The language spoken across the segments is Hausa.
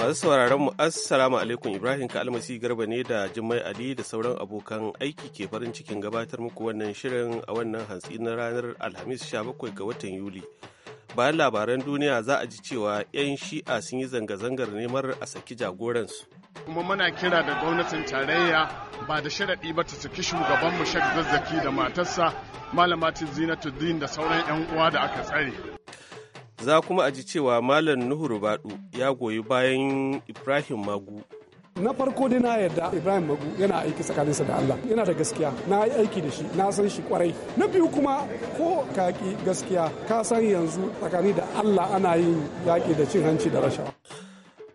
Masu sauraron mu assalamu alaikum Ibrahim Kalmasi Garba ne da Jummai Ali da sauran abokan aiki ke farin cikin gabatar muku wannan shirin a wannan hantsi na ranar Alhamis 17 ga watan Yuli. Bayan labaran duniya za a ji cewa 'yan shi'a sun yi zanga-zangar neman a saki jagoransu. Kuma muna kira da gwamnatin tarayya ba da sharaɗi ba ta saki shugaban mu shek Zazzaki da matarsa Malama Zinatuddin da sauran 'yan uwa da aka tsare. za kuma a ji cewa malam nuhu rubadu ya goyi bayan ibrahim magu na farko dai na yarda ibrahim magu yana aiki tsakaninsa da allah yana da gaskiya na yi aiki da shi na san shi kwarai na biyu kuma ko kaki gaskiya ka san yanzu tsakani da allah ana yin yaƙi da cin hanci da rashawa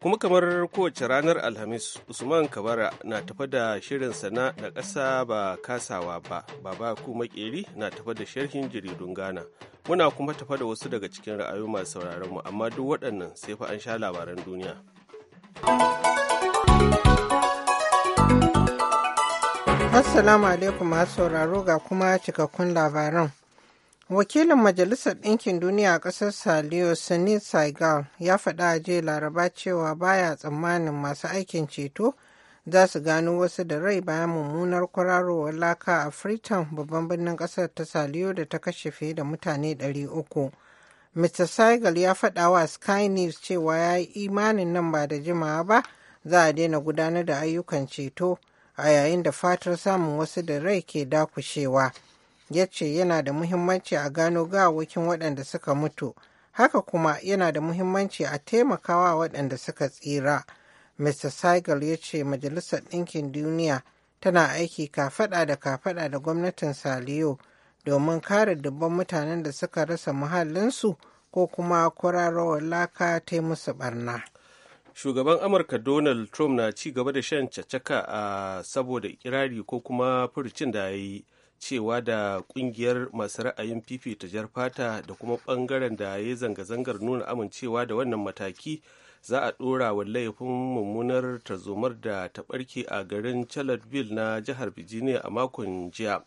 kuma kamar kowace ranar alhamis usman kabara na tafa da shirin sana da ƙasa ba kasawa ba baba kuma makeri na tafa da sharhin jaridun ghana muna kuma tafa da wasu daga cikin ra'ayoyi masu sauraron mu amma duk waɗannan sai fa an sha labaran duniya assalamu alaikum masu sauraro ga kuma cikakkun labaran Wakilin Majalisar Ɗinkin Duniya a ƙasar Saliyo Sunil Saigal ya faɗa a jiya Laraba cewa baya tsammanin masu aikin ceto za su gano wasu da rai bayan mummunar kwararowar laka a Freetown babban birnin ƙasar ta Saliyo da ta kashe fiye da mutane 300. Mr. Saigal ya faɗa wa Sky News cewa ya yi imanin nan ba da jimawa ba za a daina gudanar da ayyukan ceto a yayin da fatar samun wasu da rai ke dakushewa. ya ce yana da muhimmanci a gano gawakin waɗanda suka mutu haka kuma yana da muhimmanci a taimakawa waɗanda suka tsira mr seigel ya ce majalisar ɗinkin duniya tana aiki kafaɗa da kafaɗa da gwamnatin saliyo domin kare dubban mutanen da suka rasa muhallinsu ko kuma kwararowar laka ta musu barna. shugaban amurka donald trump na ci gaba da shan caccaka a saboda ikirari ko kuma furucin da ya yi cewa da kungiyar masu ra'ayin fifita jar fata da kuma bangaren da ya zanga-zangar nuna amincewa da wannan mataki za a ɗora wa laifin mummunar tarzomar da ta ɓarke a garin charlottesville na jihar virginia a makon jiya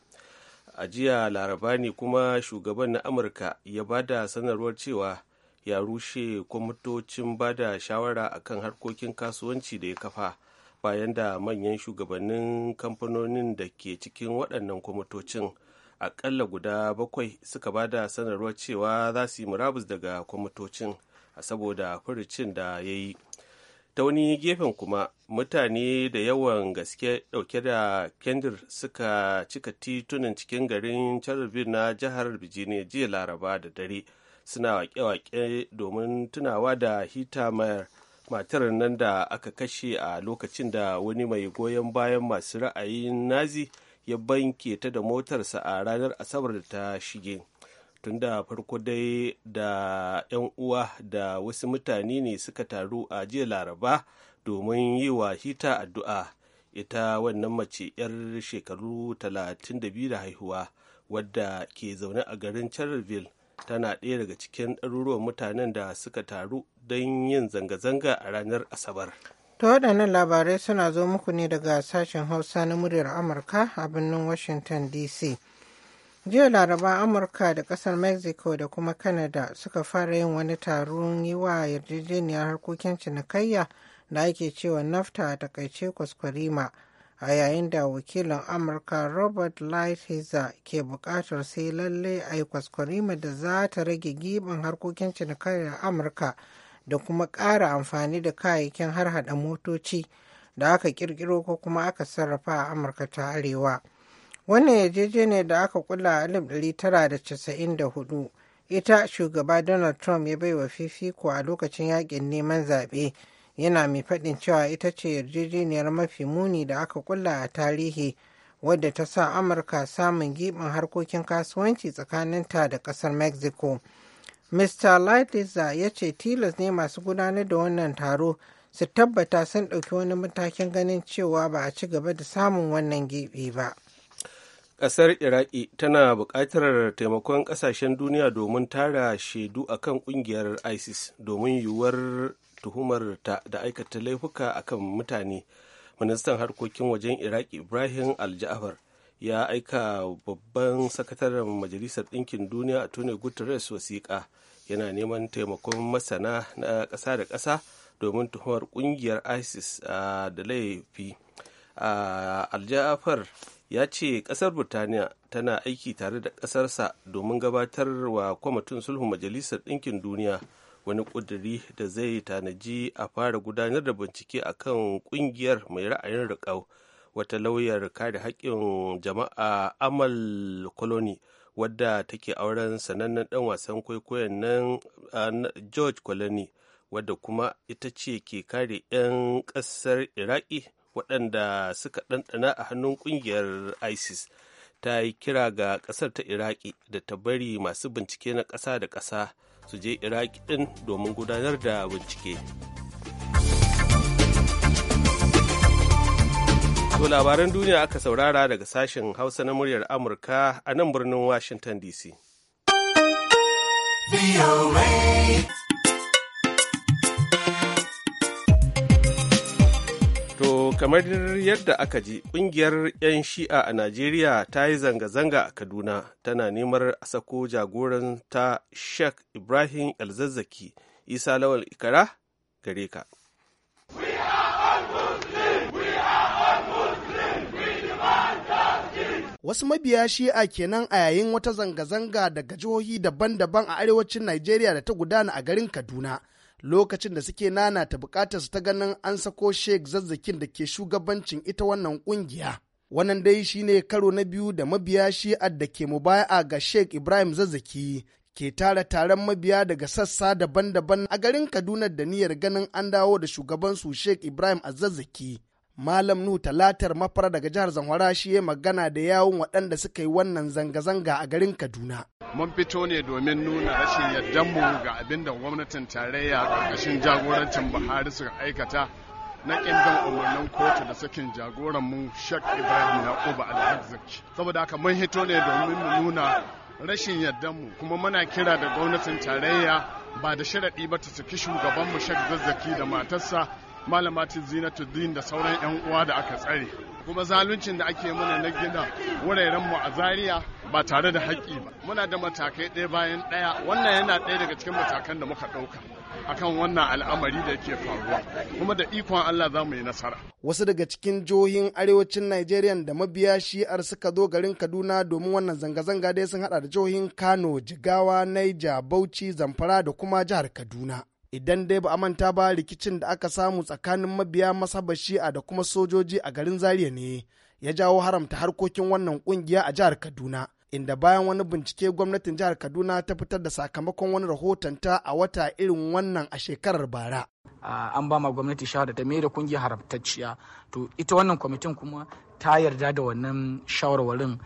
a jiya laraba ne kuma shugaban na amurka ya ba da sanarwar cewa ya rushe kwamitocin ba da shawara akan harkokin kasuwanci da ya kafa bayan da manyan shugabannin kamfanonin da ke cikin waɗannan kwamitocin aƙalla guda bakwai suka ba da sanarwar cewa za su yi murabus daga kwamitocin saboda furucin da ya yi ta wani gefen kuma mutane da yawan gaske ɗauke da kendir suka cika titunan cikin garin charleville na jihar virginia jiya laraba da dare suna wake-wake domin tunawa da hita mayar matar nan da aka kashe a lokacin da wani mai goyon bayan masu ra'ayin nazi ya banke ta da motarsa a ranar asabar da ta shige tunda farko dai da 'yan uwa da wasu mutane ne suka taru a jiya laraba domin yi wa hita addu'a ita wannan mace 'yar shekaru 32 da haihuwa wadda ke zaune a garin charleville tana ɗaya daga cikin ɗaruruwan mutanen da suka taru don yin zanga-zanga a ranar asabar ta waɗannan labarai suna zo muku ne daga sashen hausa na muryar amurka a birnin washington dc jiya laraba amurka da ƙasar mexico da kuma canada suka fara yin wani taron yi wa yarjejeniyar harkokin cinikayya da ake cewa nafta a takaice kwaskwarima a yayin da wakilin amurka robert lighthizer ke buƙatar sai lalle a yi kwaskwarima da za ta rage giban harkokin cinikayyar amurka da kuma ƙara amfani da kayayyakin harhaɗa motoci da aka ƙirƙiro ko kuma aka sarrafa a amurka ta arewa wannan ne da aka kula a 1994 ita shugaba donald trump ya baiwa fifiko a lokacin yakin neman zaɓe yana mai faɗin cewa ita ce yarjejeniyar mafi muni da aka kulla a tarihi wadda ta sa amurka samun giɓin harkokin kasuwanci tsakaninta da ƙasar mexico mr lighthizer ya ce tilas ne masu gudanar da wannan taro su tabbata sun ɗauki wani matakin ganin cewa ba a ci gaba da samun wannan giɓi ba ƙasar iraki tana buƙatar taimakon ƙasashen duniya domin tara shaidu akan ƙungiyar isis domin yiwuwar tuhumar da aikata laifuka akan mutane ministan harkokin wajen iraki ibrahim alja'afar ya aika babban sakataren majalisar ɗinkin duniya a tony guterres wasiƙa yana neman taimakon masana na ƙasa da ƙasa domin tuhumar ƙungiyar isis da laifi alja'afar ya ce ƙasar burtaniya tana aiki tare da ƙasarsa domin gabatar wa kwamitin sulhun majalisar ɗinkin duniya wani ƙudiri da zai tanaji a fara gudanar da bincike a kan ƙungiyar mai ra'ayin riƙau wata lauyar kare haƙƙin jama'a amal colony wadda take auren sanannen ɗan wasan kwaikwayon nan george colony wadda kuma ita ce ke kare 'yan ƙasar iraki waɗanda suka ɗanɗana a hannun ƙungiyar isis ta yi kira ga ƙasar ta iraki da ta bari masu bincike na ƙasa da ƙasa su je iraki din domin gudanar da bincike to labaran duniya aka saurara daga sashen hausa na muryar amurka a nan birnin washington dc kamar yadda aka ji ƙungiyar 'yan shi'a a najeriya ta yi zanga-zanga a kaduna tana neman a sako jagoran ta sheikh ibrahim elzazzaki isa lawal ikara gare ka wasu mabiya shi'a kenan a yayin wata zanga-zanga daga jihohi daban-daban a arewacin Najeriya da ta gudana a garin Kaduna lokacin da suke nanata bukatar su ta ganin an sako Sheikh zazzakin da ke shugabancin ita wannan kungiya. Wannan dai shine karo na biyu da mabiya shi'ar da ke mubaya'a ga Sheikh Ibrahim Zazzaki ke tara taron mabiya daga sassa daban-daban a garin Kaduna da niyyar ganin an dawo da shugabansu Sheikh Ibrahim a Azazzaki Malam Nu Talatar Mafara daga jihar Zamfara shi ya magana da yawun waɗanda suka yi wannan zanga-zanga a garin Kaduna. Mun fito ne domin nuna rashin yardanmu ga abin da gwamnatin tarayya ƙarƙashin jagorancin Buhari suka aikata na ƙin umarnin kotu da sakin jagoranmu Shak Ibrahim Yakubu Alhazzaki. Saboda haka mun hito ne domin mu nuna rashin yardanmu kuma muna kira da gwamnatin tarayya ba da sharaɗi ba ta saki shugabanmu Shak Zazzaki da matarsa Zinatu din da sauran 'yan uwa da aka tsare kuma zaluncin da ake mana na gida wuraren mu a zaria ba tare da haƙƙi ba muna da matakai ɗaya bayan ɗaya wannan yana ɗaya daga cikin matakan da muka ɗauka akan wannan al'amari da ke faruwa kuma da ikon Allah za mu yi nasara wasu daga cikin jihohin arewacin Najeriya da mabiya shi'ar suka zo garin Kaduna domin wannan zanga-zanga dai sun hada da jihohin Kano Jigawa Niger Bauchi Zamfara da kuma jihar Kaduna idan dai ba a manta ba rikicin da aka samu tsakanin mabiya masaba shi'a da kuma sojoji a garin zaria ne ya jawo haramta harkokin wannan kungiya a jihar kaduna inda bayan wani bincike gwamnatin jihar kaduna ta fitar da sakamakon wani rahotonta a wata irin wannan a shekarar bara an ba ma gwamnati shawara ta da kungiyar haramtacciya to ita wannan kwamitin kuma ta yarda da wannan shawarwarin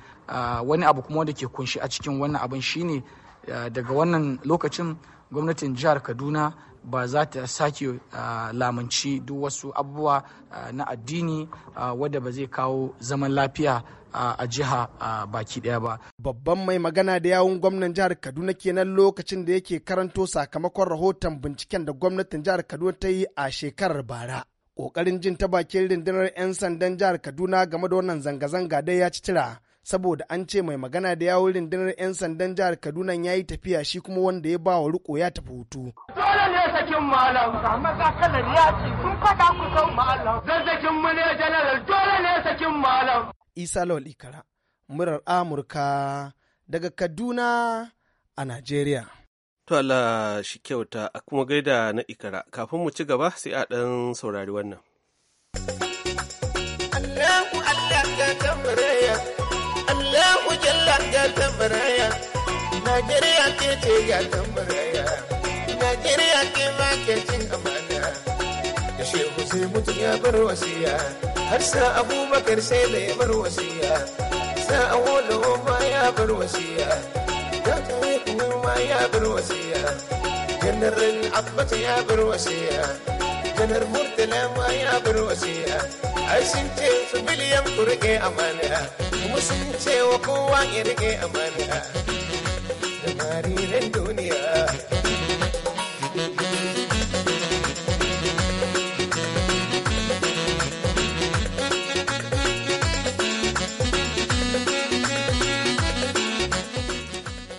wani abu kuma wanda ke kunshi a cikin wannan abin shine daga wannan lokacin gwamnatin jihar kaduna ba za ta sake lamunci duk wasu abubuwa na addini wadda ba zai kawo zaman lafiya a jiha baki daya ba. Babban mai magana da yawun gwamnan jihar Kaduna kenan lokacin da yake karanto sakamakon rahoton binciken da gwamnatin jihar Kaduna ta yi a shekarar bara. Ƙoƙarin jin ta bakin rindunar 'yan sandan jihar Kaduna game da wannan zanga-zanga dai ya ci tira. saboda an ce mai magana da yawon rundunar 'yan sandan jihar kaduna ya yi tafiya shi kuma wanda ya ba wa riko ya tafi hutu dole ne sakin malam maza kalar ya ce sun faɗa ku san malam zazzakin mu ne janaral dole ne sakin malam isa lawal ikara murar amurka daga kaduna a najeriya to Allah shi kyauta a kuma gaida na ikara kafin mu ci gaba sai a ɗan saurari wannan Allahu Allah ka tambare Allahu jalla ya tambaraya Najeriya ke ce ya tambaraya Najeriya ke ma ke cin amana Da shehu sai mutum ya bar wasiya Har sa abubakar sai da ya bar wasiya Sa awolowo ma ya bar wasiya Ya ta yi ma ya bar wasiya Janar Abbas ya bar wasiya Janar Murtala ma ya bar wasiya ai sun ce su biliyan ku rike amana kuma sun ce wa kowa ya rike amana da mariran duniya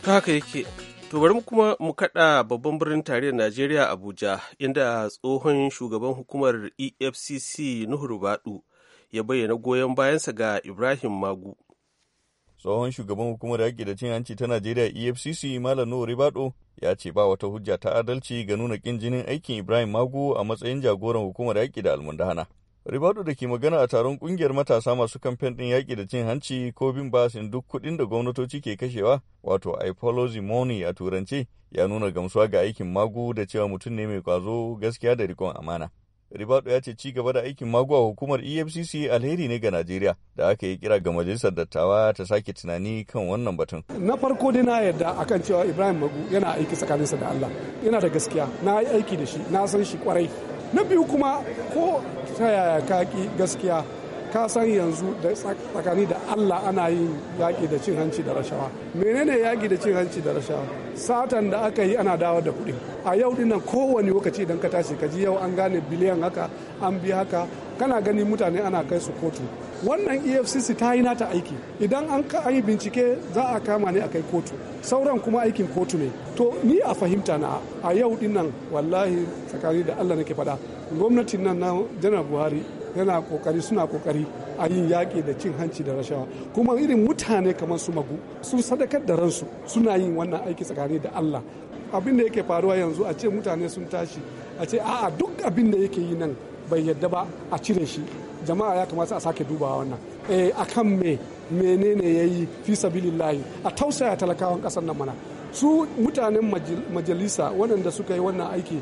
haka yake To bari kuma mu kaɗa babban birnin tarihin Najeriya Abuja inda tsohon shugaban hukumar EFCC Nuhu Badu ya bayyana goyon bayansa ga Ibrahim Magu. Tsohon shugaban hukumar yaƙi da cin hanci ta Najeriya EFCC Malam Nuhu rubadu ya ce ba wata hujja ta adalci ga nuna kin jinin aikin Ibrahim Magu a matsayin jagoran hukumar yaƙi da almundana. Ribadu da ke magana a taron kungiyar matasa masu kamfen ɗin yaƙi da cin hanci ko bin basin duk kuɗin da gwamnatoci ke kashewa, wato apology money a turance, ya nuna gamsuwa ga aikin magu da cewa mutum ne mai kwazo gaskiya da rikon amana. Ribadu ya ce ci gaba da aikin magu a hukumar EFCC alheri ne ga Najeriya da aka yi kira ga majalisar dattawa ta sake tunani kan wannan batun. Na farko dai na yarda akan cewa Ibrahim Magu yana aiki tsakaninsa da Allah. Yana da gaskiya, na yi aiki da shi, na san shi kwarai. na biyu kuma ko ta yaya kaki gaskiya ka san yanzu da tsakani da Allah ana yin yaƙi da cin hanci da rashawa menene yaƙi da cin hanci da rashawa satan da aka yi ana dawo da kuɗi a yau dinnan kowane lokaci idan ka tashi ka ji yau an gane biliyan haka an bi haka kana gani mutane ana kai su kotu wannan efcc ta yi nata aiki idan an yi bincike za a kama ne a kai kotu sauran kuma aikin kotu ne to ni a fahimta na a yau dinnan wallahi tsakani da allah nake faɗa gwamnatin nan na janar buhari yana kokari suna kokari a yin yaƙi da cin hanci da rashawa kuma irin mutane kamar su magu sun sadakar da ransu suna yin wannan aiki tsakani da allah abin da yake faruwa yanzu a ce mutane sun tashi a ce a'a duk abin da yake yi nan bai yadda ba a cire shi jama'a ya kamata a sake dubawa wannan eh, a kan me menene ya yi fi sabilillahi a tausaya talakawan kasar nan mana su mutanen majalisa waɗanda suka yi wannan aiki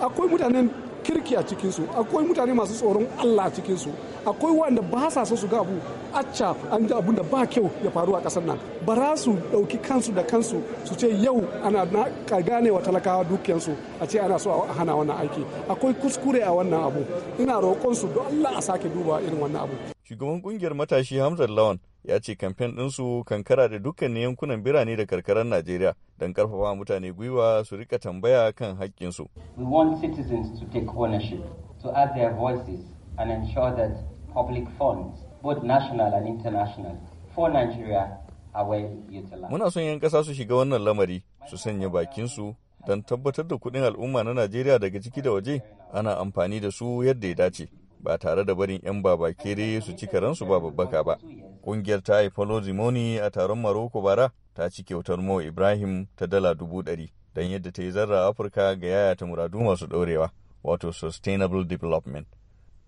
akwai mutanen kirki a cikinsu akwai mutane masu tsoron allah a cikinsu akwai wanda ba sa so su ga abu acca an ji abun da ba kyau ya faru a ƙasar nan ba za su ɗauki kansu da kansu su ce yau ana gane wa talakawa dukiyansu a ce ana so a hana wannan aiki akwai kuskure a wannan abu ina roƙon su don allah a sake duba irin wannan abu shugaban kungiyar matashi hamzat lawan ya ce kamfen ɗinsu kan kara da dukkanin yankunan birane da karkarar Najeriya don karfafa mutane gwiwa su rika tambaya kan haƙƙinsu. We want citizens to take ownership, to add their voices and ensure that public funds, both national and international, for Nigeria are well utilized. Muna son 'yan ƙasa su shiga wannan lamari, su sanya bakinsu don tabbatar da kuɗin al'umma na Najeriya daga ciki da waje ana amfani da su yadda ya dace. ba tare da barin 'yan babakere su ci karansu ba babbaka ba. Ƙungiyar ta haifa zimoni a taron Maroko bara ta ci kyautar Mo Ibrahim ta dala dubu ɗari don yadda ta yi zarra Afirka ga yaya ta muradu masu ɗorewa, wato Sustainable Development.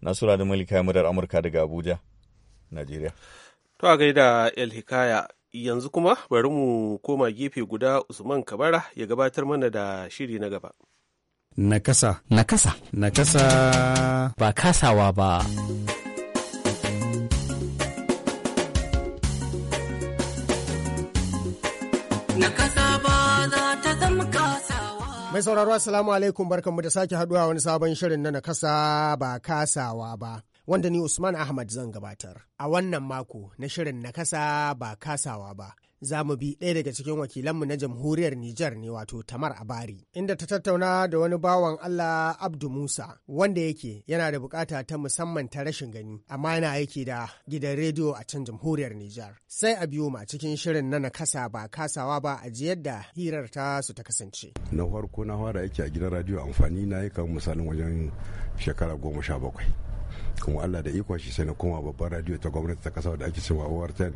Nasura da Malika madar Amurka daga Abuja, Najeriya. To a gaida El Hikaya yanzu kuma bari mu koma gefe guda Usman Kabara ya gabatar mana da shiri na gaba. Nakasa. Nakasa. Nakasa. Ba kasawa ba. Nakasa ba za ta zama kasawa. Mai sauraro Assalamu alaikum barkanmu da sake haduwa wani sabon shirin na nakasa ba kasawa ba. Wanda ni Usman Ahmad zan gabatar a wannan mako na shirin nakasa ba kasawa ba. za mu bi ɗaya daga cikin wakilanmu na jamhuriyar Nijar ne wato Tamar Abari, inda ta tattauna da wani bawan Allah Abdu Musa wanda yake yana da bukata ta musamman ta rashin gani, amma yana aiki da gidan rediyo a can jamhuriyar Nijar. Sai a biyo ma cikin shirin na nakasa ba kasawa ba a ji yadda hirar ta su ta kasance. Na farko na fara aiki a gidan radiyo amfani na yi kan misalin wajen shekara goma sha bakwai. kuma Allah da iko shi sai na koma babban radio ta gwamnati ta kasa da ake cewa OR10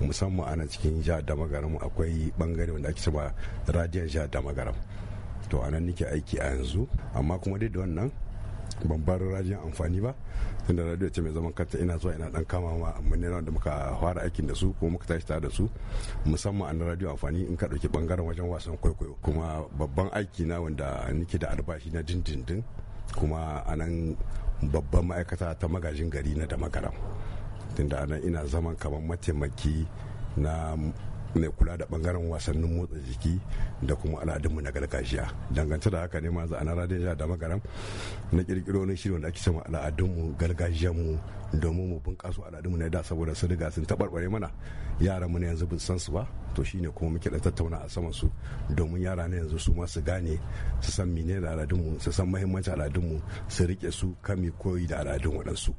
musamman ana cikin jihar Damagaram akwai bangare wanda ake cewa radiyon jihar Damagaram to anan nake aiki a yanzu amma kuma dai da wannan ban bar rajin amfani ba tunda radio ce mai zaman kanta ina zuwa ina dan kama ma amma da muka fara aikin da su kuma muka tashi tare da su musamman an radio amfani in ka dauki bangaren wajen wasan kwaikwayo kuma babban aiki na wanda nake da albashi na dindindin kuma anan babban ma'aikata ta magajin gari na da magaram tunda anan ina zaman kamar mataimaki na mai kula da bangaren wasannin motsa jiki da kuma al'adunmu na gargajiya dangance da haka ne ma za a na radin da magaram na kirkiro wani shirin da ake sama al'adunmu gargajiyanmu domin mu bunƙasa al'adunmu na da saboda sun riga sun taɓarɓare mana yaran mu ne yanzu bin san su ba to shine kuma muke da tattauna a saman su domin yara na yanzu su ma su gane su san menene da al'adunmu su san muhimmancin al'adunmu su rike su kame koyi da al'adun waɗansu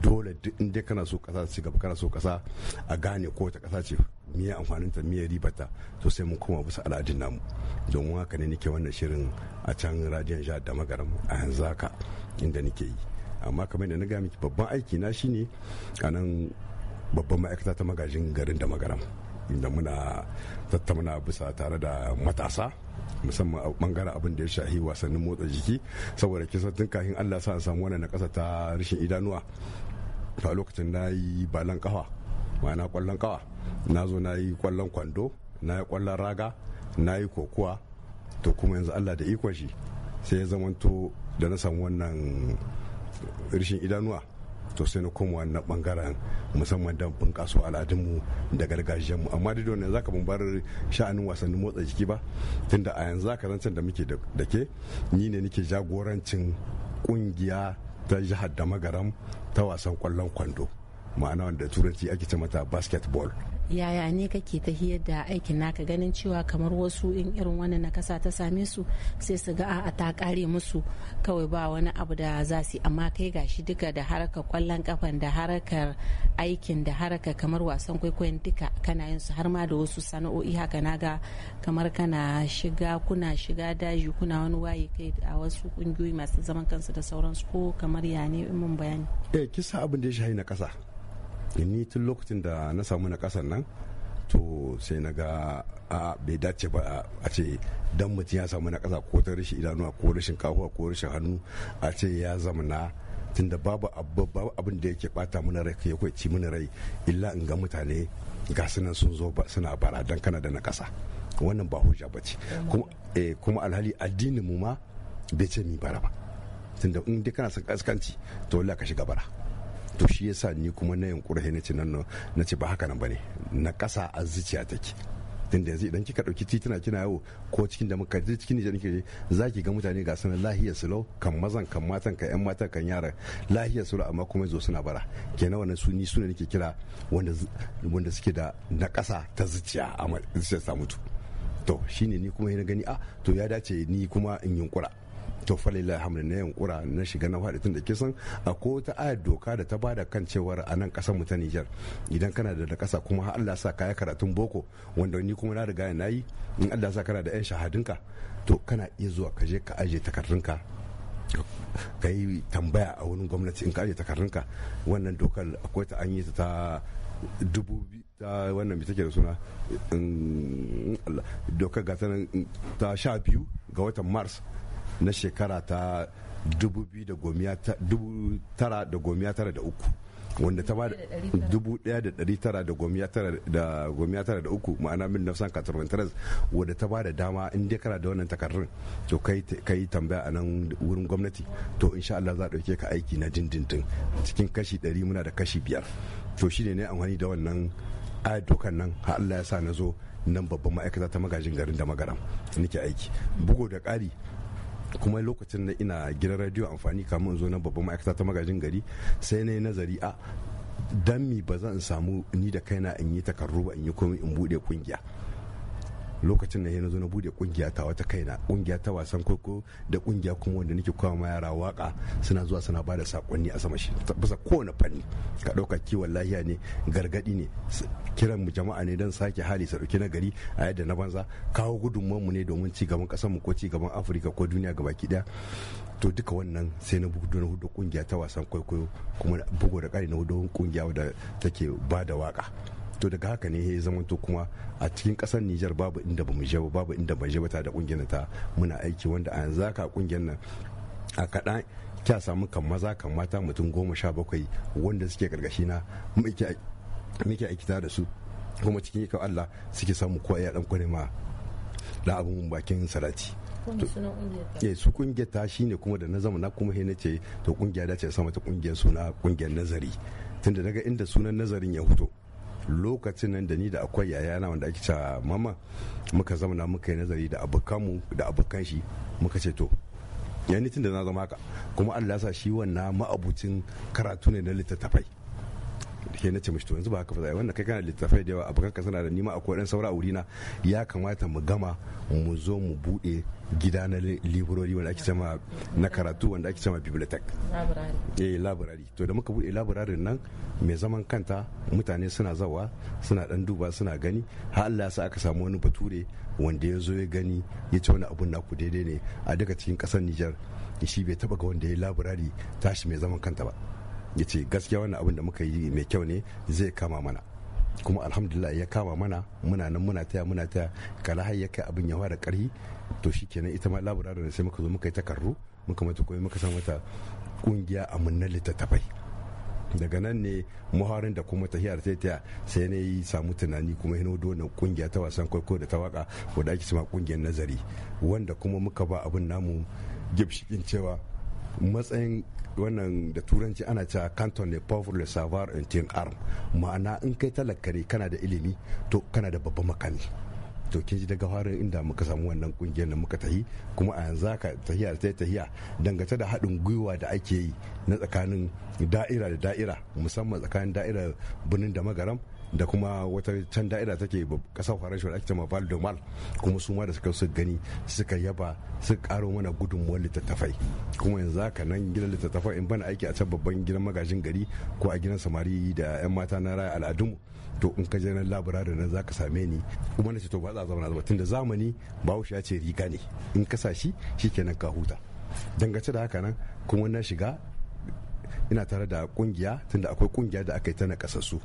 dole duk inda kana so kasa ci gaba kana so kasa a gane ko ta kasa ce miye amfanin ta miye ribata to sai mun koma bisa al'adun namu domin haka ne nake wannan shirin a can radiyon jihar da magaram a yanzu haka inda nake yi amma kamar da na ga miki babban aiki na shine a nan babban ma'aikata ta magajin garin da magaram inda muna tattauna bisa tare da matasa musamman a bangaren abin da ya shahi wasannin motsa jiki saboda kisa tun kafin allah sa samu wannan na kasa ta rashin idanuwa a lokacin na yi balan kawa ma'ana kwallon kawa na zo na yi kwallon kwando na yi kwallon raga na yi kokuwa to kuma yanzu allah da ikon shi sai ya zamanto da na samu wannan rishin idanuwa to sai na koma wannan bangaren musamman don bunkasa al'adunmu da gargajiyarmu amma duk wannan zaka ban bar sha'anin wasannin motsa jiki ba tunda a yanzu zaka zancen da muke da ke ni ne nake jagorancin kungiya ta jihar da magaram ta wasan kwallon kwando ma'ana wanda turanci ake ce mata basketball yaya ne kake ta hiyar da aikin naka ganin cewa kamar wasu in irin wannan kasa ta same su sai su ga a ta kare musu kawai ba wani abu da za su amma kai gashi duka da harkar kwallon kafan da harkar aikin da harkar kamar wasan kwaikwayon duka kana yin su har ma da wasu sana'o'i haka na ga kamar kana shiga kuna shiga daji kuna wani waye kai a wasu kungiyoyi masu zaman kansu da sauransu ko kamar ya ne mun bayani eh, kisa abin da ya shahi na kasa Eh, ni tun lokacin da na samu na kasan nan to sai na ga a bai dace ba a ce dan mutum ya samu na kasa ko ta rishi idanuwa ko rashin kahuwa ko rashin hannu a ce ya zama tun tunda babu abin da yake bata mana rai ya ci mana rai illa in ga mutane ga sunan sun zo suna bara dan kana da na kasa wannan ba hujja ba ce eh, kuma alhali addinin mu ma bai ce ni bara ba tunda in dai kana son kaskanci to wallahi ka shiga bara to shi yasa ni kuma na yankura na ce nan na ce ba haka nan bane na kasa a zuciya take da yanzu idan kika dauki tituna kina yawo ko cikin da muka cikin Nijar kike za ki ga mutane ga sanan lahiyar su lau kan mazan kan matan kan yan matan kan yara lahiyar su amma kuma yanzu suna bara kenan wannan su ni su ne nake kira wanda wanda suke da na kasa ta zuciya amma zuciyar sa mutu to shine ni kuma ina gani a ah, to ya dace ni kuma in yunkura to falila hamdu na kura na shiga na faɗi tun da kisan a ko ta ayar doka da ta bada kan cewar a nan ƙasar mu ta Nijar idan kana da da ƙasa kuma har Allah sa kaya karatun boko wanda ni kuma na riga na yi in Allah sa kana da 'yan shahadunka to kana iya zuwa ka je ka aje takardunka ka yi tambaya a wurin gwamnati in ka aje takardunka wannan dokar akwai ta an yi ta dubu ta wannan take da suna dokar gata ta sha biyu ga watan mars na shekara ta 1993 wanda ta ba da 1993 ma'ana min nafsan katarwantaras wadda ta ba da dama in dai kana da wannan takardun to kai tambaya a nan wurin gwamnati to insha Allah za a ɗauke ka aiki na dindindin cikin kashi 100 muna da kashi biyar to shine ne amfani da wannan dokan nan Ha Allah ya sa na zo nan babban ma'aikata ta magajin garin da magaram nake aiki bugu da ƙari kuma lokacin da ina gidan radio amfani kamun zo na babban ma'aikata ta magajin gari sai na yi nazari a dan mi ba zan samu ni da kaina in yi takarru ba in yi komai in bude kungiya lokacin da na zo na bude kungiya ta wata kaina kungiya ta wasan kwaikwayo da kungiya kuma wanda nake kawo ma yara waka suna zuwa suna bada sakonni a sama shi bisa kowane fanni ka dauka kiwon lahiya ne gargadi ne kiran mu jama'a ne dan sake hali sa dauki na gari a yadda na banza kawo gudunmuwan mu ne domin ci gaban kasar mu ko ci gaban Afirka ko duniya gabaki daya to duka wannan sai na bugu na hudu kungiya ta wasan kwaikwayo kuma bugu da kari na hudu kungiya wadda take ba da waka to daga haka ne ya zama to kuma a cikin kasar Nijar babu inda bamu je ba babu inda ban je ba ta da kungiyar ta muna aiki wanda a yanzu haka kungiyar nan a kaɗan kya samu kan maza kan mata mutum goma sha bakwai wanda suke gargashi na muke aiki da su kuma cikin ikon Allah suke samu kowa ya dan kwane ma da abun bakin salati eh su kungiyar ta shine kuma da na zama na kuma na ce to kungiya da ce sama ta kungiyar suna kungiyar nazari tunda daga inda sunan nazarin ya fito lokacin nan da ni da akwai yayana wanda ake cewa mama muka zamana muka yi nazari da abokanmu da abokan shi muka ce to ya tun da na zama haka kuma allah sa shi wannan ma'abucin karatu ne na littattafai ke na ce mishi to yanzu ba haka ba wannan kai kana littafai da yawa a bakan kasana da nima akwai dan saura wurina ya kamata mu gama mu zo mu bude gida na librori wanda ake cewa na karatu wanda ake sama library eh library to da muka bude library nan mai zaman kanta mutane suna zawa suna dan duba suna gani har Allah sa aka samu wani bature wanda ya zo ya gani ya ce wani abun naku daidai ne a duka cikin kasar Niger shi bai taba ga wanda ya library tashi mai zaman kanta ba ya ce gaskiya wannan abin da muka yi mai kyau ne zai kama mana kuma alhamdulillah ya kama mana muna nan muna taya muna taya kala har ya kai abin ya fara karhi to kenan ita ma laburare ne sai muka zo muka yi takarru muka mata koyi muka san mata kungiya amannan littattafai daga nan ne muharin da kuma hiyar ta taya sai ne yi samu tunani kuma hino na kungiya ta wasan kwaiko da ta waka wadda ake sama kungiyar nazari wanda kuma muka ba abin namu gibshikin cewa matsayin wannan da turanci ana cewa canton ne pauvre le savoir un tien arm ma'ana in kai talaka ne kana da ilimi to kana da babban makami to kin ji daga farin inda muka samu wannan kungiyar da muka tahi kuma a yanzu ka tahiya ta tahiya dangance da haɗin gwiwa da ake yi na tsakanin da'ira da da'ira musamman tsakanin da'irar birnin da magaram da kuma wata can da'ira take kasar faransa da ake cewa val de mal kuma su ma da suka su gani suka yaba suka karo mana gudunmuwar littattafai kuma yanzu haka nan gidan littattafai in bana aiki a can babban gidan magajin gari ko a gidan samari da yan mata na raya al'adun to in ka je nan labirari nan za same ni kuma na ce to ba za a zauna ba tunda zamani bahaushe ya ce riga ne in ka sa shi shikenan ka huta dangace da haka nan kuma na shiga ina tare da kungiya tunda akwai kungiya da aka yi ta na kasassu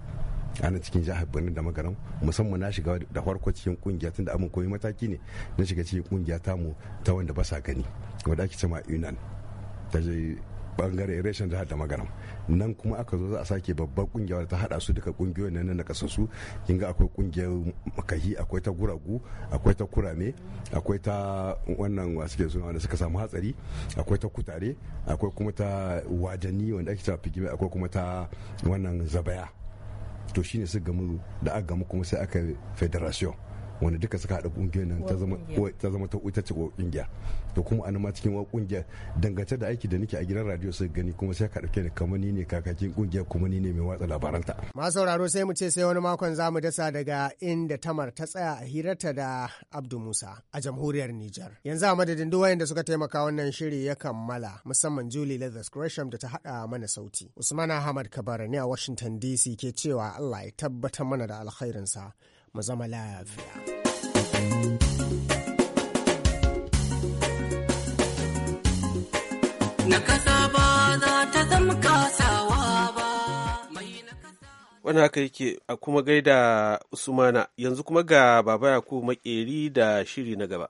ana cikin jihar birnin da magaram musamman na shiga da farko cikin kungiya tun da abin koyi mataki ne na shiga cikin kungiya mu ta wanda ba sa gani wadda ake cema yunan ta bangare reshen jihar da magaram nan kuma aka zo za a sake babbar kungiya ta hada su duka kungiyoyin nan na kasan su kin ga akwai kungiyar makahi akwai ta guragu akwai ta kurame akwai ta wannan wa suke zuwa wanda suka samu hatsari akwai ta kutare akwai kuma ta wajani wanda ake cewa figime akwai kuma ta wannan zabaya to shine su gamu da aka gamu kuma sai aka federation wanda duka suka haɗa kungiyar nan ta zama ta ita ce kungiya to kuma an ma cikin wa kungiya dangance da aiki da nake a gidan radio sai gani kuma sai ka dauke ni kamar ni ne kakakin kungiyar kuma ni ne mai watsa labaranta ma sauraro sai mu ce sai wani makon zamu dasa daga inda tamar ta tsaya a hirarta da Abdu Musa a jamhuriyar niger. yanzu a madadin duk wayanda suka taimaka wannan shiri ya kammala musamman Julie Leathers Gresham da ta haɗa mana sauti Usman Ahmad Kabara ne a Washington DC ke cewa Allah ya tabbatar mana da alkhairinsa mu zama lafiya. Wani haka yake a kuma gaida Usmana yanzu kuma ga Baba Yakubu Makeri da shiri na gaba.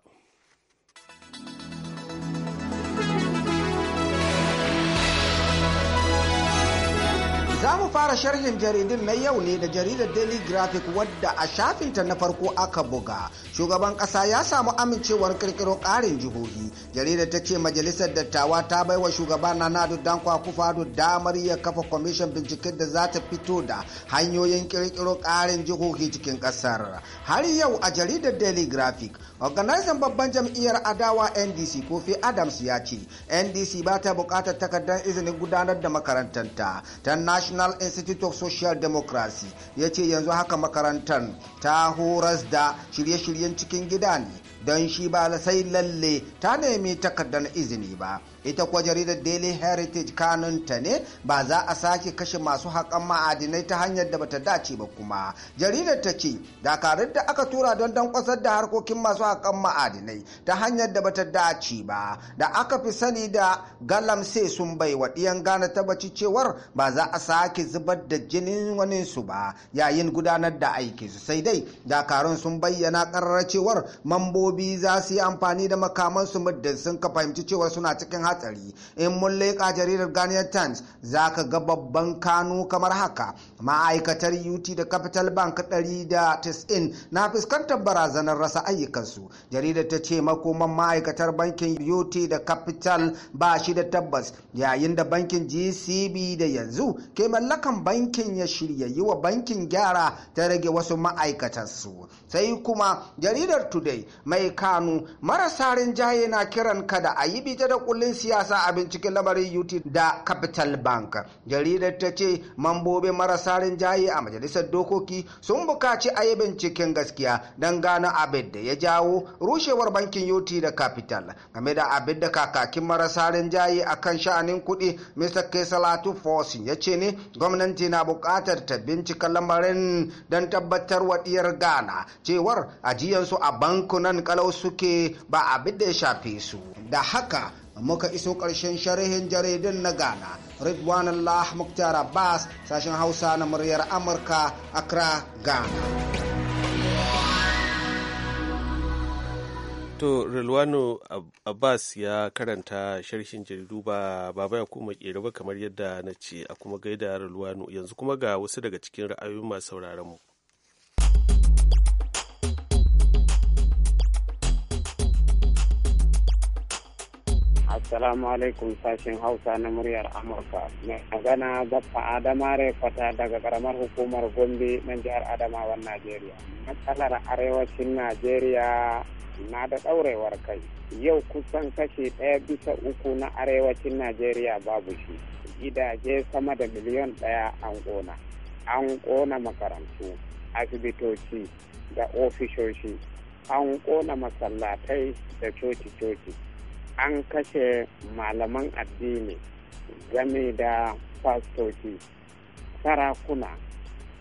Za mu fara sharhin jaridun na yau ne da jaridar Daily Graphic wadda a shafinta na farko aka buga. Shugaban ƙasa ya samu amincewar kirkiro ƙarin jihohi. Jaridar ta ce majalisar dattawa ta bai wa shugaba Nanadu Dankwa Kufado damar ya kafa kwamishin binciken da za ta fito da hanyoyin kirkiro ƙarin jihohi cikin ƙasar. Har yau a jaridar Daily Graphic, organizing babban jam'iyyar adawa NDC Kofi Adams ya ce NDC ba ta buƙatar takardar izinin gudanar da makarantanta. Ta national institute of social democracy ya ce yanzu haka makarantar ta horas da shirye-shiryen cikin gida ne don shi ba sai lalle ta nemi takardar izini ba ita kuwa jaridar daily heritage kanunta ne ba za a sake kashe masu haƙan ma'adinai ta hanyar da bata dace ba kuma jaridar ta ce dakarun da aka tura don dankwasar da harkokin masu haƙan ma'adinai ta hanyar da bata dace ba da aka fi sani da galam galamse sun bai wa ɗiyan gane tabbaci cewar ba za a sake zubar da jinin waninsu ba yayin gudanar da aiki su sai dai dakarun sun bayyana ƙararra cewar mambobi za su yi amfani da makamansu muddin sun ka fahimci cewar suna cikin hatsari in mun leƙa jaridar ghanaian times za ka ga babban kano kamar haka ma'aikatar ut da capital bank 190 na fuskantar barazanar rasa ayyukansu jaridar ta ce makoman ma'aikatar bankin ut da capital ba shi da tabbas yayin da bankin gcb da yanzu ke mallakan bankin ya shirya yi wa bankin gyara ta rage wasu ma'aikatarsu sai kuma jaridar today mai kano marasa rinjaye na kiran kada a yi bita da kullin siyasa a binciken lamarin ut da capital bank jaridar ta ce mambobi marasa rinjaye a majalisar dokoki sun bukaci a yi binciken gaskiya don gano abin da ya jawo rushewar bankin ut da capital game da abin da kakakin marasa rinjaye a kan sha'anin kuɗi mr kesalatu fosin ya ce ne gwamnati na buƙatar ta bincika lamarin don tabbatar wa ɗiyar ghana cewar ajiyansu a bankunan kalau suke ba abin da ya shafe su da haka muka iso ƙarshen sharhin jaridun na Ghana. Ridwan Allah Abbas sashen Hausa na muryar Amurka Accra, Ghana. To Rilwano Abbas ya karanta sharhin jaridu ba baba ya kuma ƙera ba kamar yadda na ce a kuma gaida Rilwano yanzu kuma ga wasu daga cikin ra'ayoyin masu sauraron mu. Assalamu alaikum sashen Hausa na muryar Amurka. Mai magana Baffa Adama fata daga karamar hukumar Gombe na jihar adamawa Najeriya. Matsalar arewacin Najeriya na da ɗaurewar kai. Yau kusan kashi ɗaya bisa uku na arewacin Najeriya babu shi. Gidaje sama da miliyon ɗaya an ƙona. An ƙona makarantu, asibitoci da ofishoshi. An ƙona masallatai da coci-coci. an kashe malaman addini game da fastoci sarakuna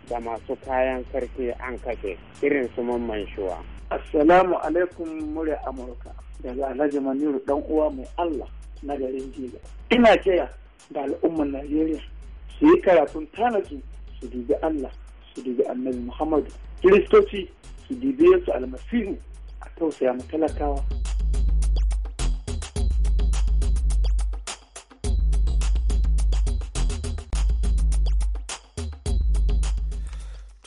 da masu kayan sarki an kashe irin su mamman shuwa. Assalamu alaikum murya Amurka daga Alhaji Maniru dan uwa mai Allah na garin Jiga. Ina kira da al'ummar Najeriya su yi karatun tanaki su dubi Allah su dubi Annabi Muhammadu. Kiristoci su dubi Yesu almasihu a tausaya matalakawa. talakawa.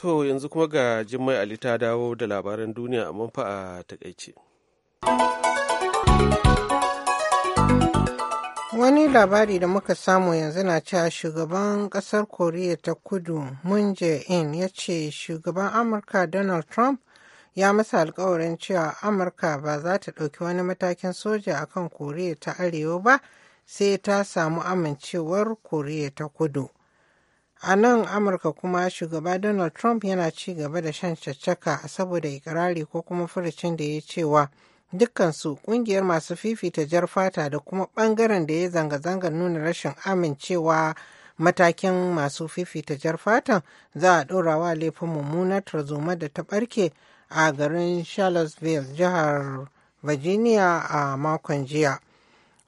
To yanzu kuma ga Jummai Ali ta dawo da labaran duniya amma fa a takaice. Wani labari da muka samu yanzu na cewa shugaban ƙasar Koriya ta kudu Moon Jae-in ya ce shugaban Amurka Donald Trump ya masa alkawarin cewa Amurka ba za ta ɗauki wani matakin soja akan Koriya ta Arewa ba sai ta samu amincewar Koriya ta kudu. A nan Amurka kuma shugaba Donald Trump yana ci gaba da shan caccaka saboda ikirari ko kuma furucin da ya cewa dukkansu kungiyar masu fifita jar fata da kuma bangaren da ya zanga zanga nuna rashin amincewa matakin masu fifita jar fatan za a ɗorawa laifin mummunar tarzoma da ta ɓarke a garin Charlottesville jihar Virginia a makon jiya.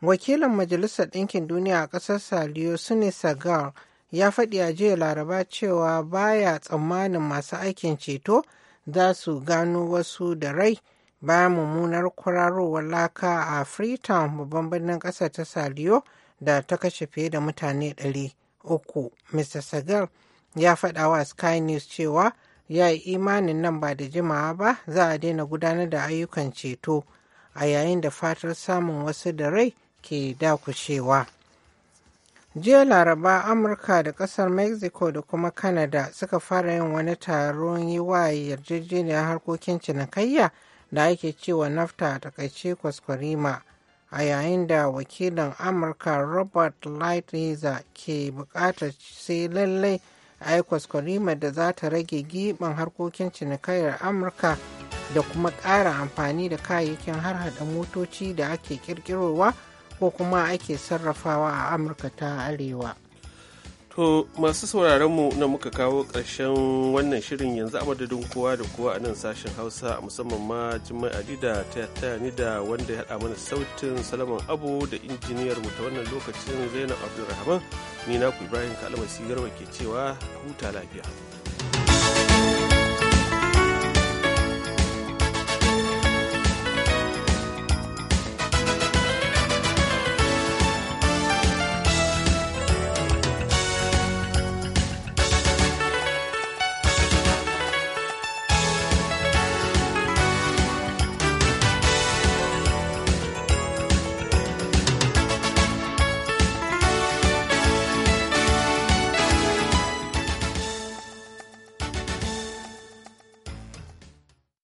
Wakilin Majalisar Ɗinkin Duniya a ƙasar Saliyo sunisagar ya faɗi a jiya laraba cewa baya tsammanin masu aikin ceto za su gano wasu da rai bayan mummunar kwararowar laka a freetown babban birnin ƙasa ta saliyo da ta kashe fiye da mutane Uku, mr sagal ya faɗa wa sky news cewa ya yi imanin nan ba da jimawa ba za a daina gudanar da ayyukan ceto a yayin da fatar samun wasu da rai ke dakushewa. jiya laraba amurka da kasar mexico da kuma canada suka fara yin wani taron yi wa yarjejeniyar harkokin cinikayya da ake cewa nafta a takaice kwaskwarima a yayin da wakilin amurka robert lighthizer ke bukatar sai lallai a yi kwaskwarima da za ta rage giɓin harkokin cinikayyar amurka da kuma ƙara amfani da kayayyakin har motoci da ake ƙirƙirowa ko kuma ake sarrafawa a amurka ta arewa To masu sauraronmu na muka kawo ƙarshen wannan shirin yanzu a madadin kowa da kowa a nan sashen Hausa musamman ma Jimai Adida ta ni da wanda ya haɗa mana sautin Salaman Abu da injiniyar mu ta wannan lokacin Zainab Abdulrahman ni na ku Ibrahim Kalmasi Garba ke cewa huta lafiya.